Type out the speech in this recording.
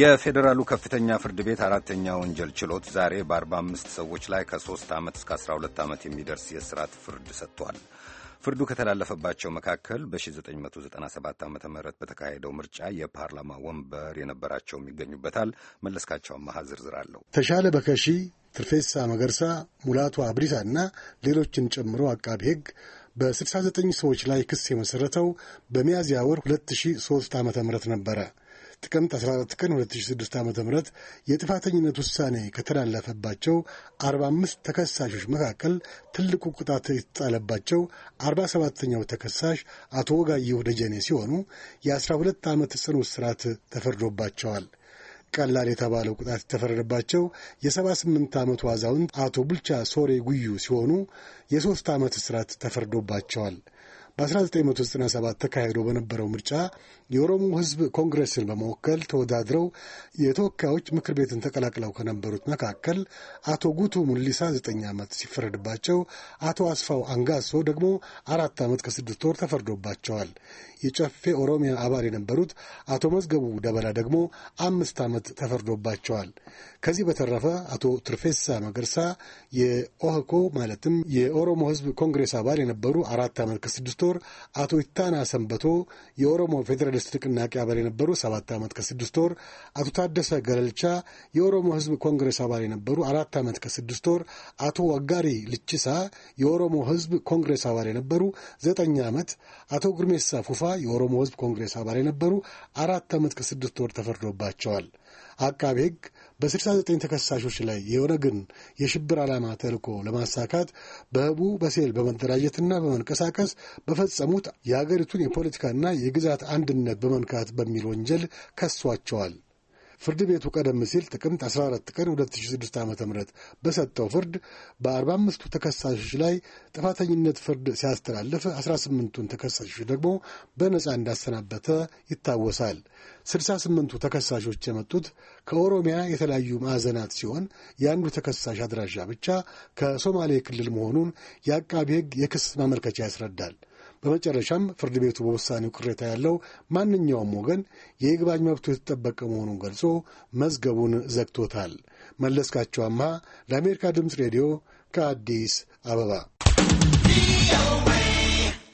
የፌዴራሉ ከፍተኛ ፍርድ ቤት አራተኛ ወንጀል ችሎት ዛሬ በ45 ሰዎች ላይ ከ3 ዓመት እስከ 12 ዓመት የሚደርስ የእስራት ፍርድ ሰጥቷል። ፍርዱ ከተላለፈባቸው መካከል በ1997 ዓ ም በተካሄደው ምርጫ የፓርላማ ወንበር የነበራቸውም ይገኙበታል። መለስካቸው አማሃ ዝርዝር አለው። ተሻለ በከሺ፣ ትርፌሳ መገርሳ፣ ሙላቱ እና ሌሎችን ጨምሮ አቃቢ ሕግ በ69 ሰዎች ላይ ክስ የመሠረተው በሚያዝያ ወር 2003 ዓ ም ነበረ። ጥቅምት 14 ቀን 2006 ዓ ም የጥፋተኝነት ውሳኔ ከተላለፈባቸው 45 ተከሳሾች መካከል ትልቁ ቅጣት የተጣለባቸው 47ኛው ተከሳሽ አቶ ወጋየሁ ደጀኔ ሲሆኑ የ12 ዓመት ጽኑ እስራት ተፈርዶባቸዋል። ቀላል የተባለው ቅጣት የተፈረደባቸው የ78 ዓመቱ አዛውንት አቶ ቡልቻ ሶሬ ጉዩ ሲሆኑ የሦስት ዓመት እስራት ተፈርዶባቸዋል። በ1997 ተካሂዶ በነበረው ምርጫ የኦሮሞ ሕዝብ ኮንግረስን በመወከል ተወዳድረው የተወካዮች ምክር ቤትን ተቀላቅለው ከነበሩት መካከል አቶ ጉቱ ሙሊሳ ዘጠኝ ዓመት ሲፈረድባቸው፣ አቶ አስፋው አንጋሶ ደግሞ አራት ዓመት ከስድስት ወር ተፈርዶባቸዋል። የጨፌ ኦሮሚያ አባል የነበሩት አቶ መዝገቡ ደበላ ደግሞ አምስት ዓመት ተፈርዶባቸዋል። ከዚህ በተረፈ አቶ ትርፌሳ መገርሳ የኦህኮ ማለትም የኦሮሞ ሕዝብ ኮንግሬስ አባል የነበሩ አራት ዓመት ከስድስት ወር፣ አቶ ኢታና ሰንበቶ የኦሮሞ ፌዴራሊስት ንቅናቄ አባል የነበሩ ሰባት ዓመት ከስድስት ወር፣ አቶ ታደሰ ገለልቻ የኦሮሞ ሕዝብ ኮንግሬስ አባል የነበሩ አራት ዓመት ከስድስት ወር፣ አቶ ወጋሪ ልችሳ የኦሮሞ ሕዝብ ኮንግሬስ አባል የነበሩ ዘጠኝ ዓመት፣ አቶ ጉርሜሳ ፉፋ የኦሮሞ ህዝብ ኮንግሬስ አባል የነበሩ አራት ዓመት ከስድስት ወር ተፈርዶባቸዋል። አቃቤ ህግ በ69 ተከሳሾች ላይ የኦነግን የሽብር ዓላማ ተልኮ ለማሳካት በህቡ በሴል በመደራጀትና በመንቀሳቀስ በፈጸሙት የአገሪቱን የፖለቲካና የግዛት አንድነት በመንካት በሚል ወንጀል ከሷቸዋል። ፍርድ ቤቱ ቀደም ሲል ጥቅምት 14 ቀን 2006 ዓ ም በሰጠው ፍርድ በ45ቱ ተከሳሾች ላይ ጥፋተኝነት ፍርድ ሲያስተላልፍ 18ቱን ተከሳሾች ደግሞ በነፃ እንዳሰናበተ ይታወሳል። 68ቱ ተከሳሾች የመጡት ከኦሮሚያ የተለያዩ ማዕዘናት ሲሆን የአንዱ ተከሳሽ አድራሻ ብቻ ከሶማሌ ክልል መሆኑን የአቃቢ ሕግ የክስ ማመልከቻ ያስረዳል። በመጨረሻም ፍርድ ቤቱ በውሳኔው ቅሬታ ያለው ማንኛውም ወገን የይግባኝ መብቱ የተጠበቀ መሆኑን ገልጾ መዝገቡን ዘግቶታል። መለስካቸው አምሃ ለአሜሪካ ድምፅ ሬዲዮ ከአዲስ አበባ